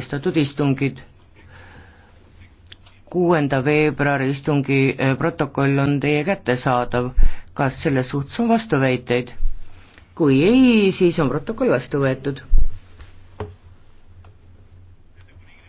katkestatud istungid. kuuenda veebruari istungi eh, protokoll on teie kättesaadav, kas selles suhtes on vastuväiteid? kui ei, siis on protokoll vastu võetud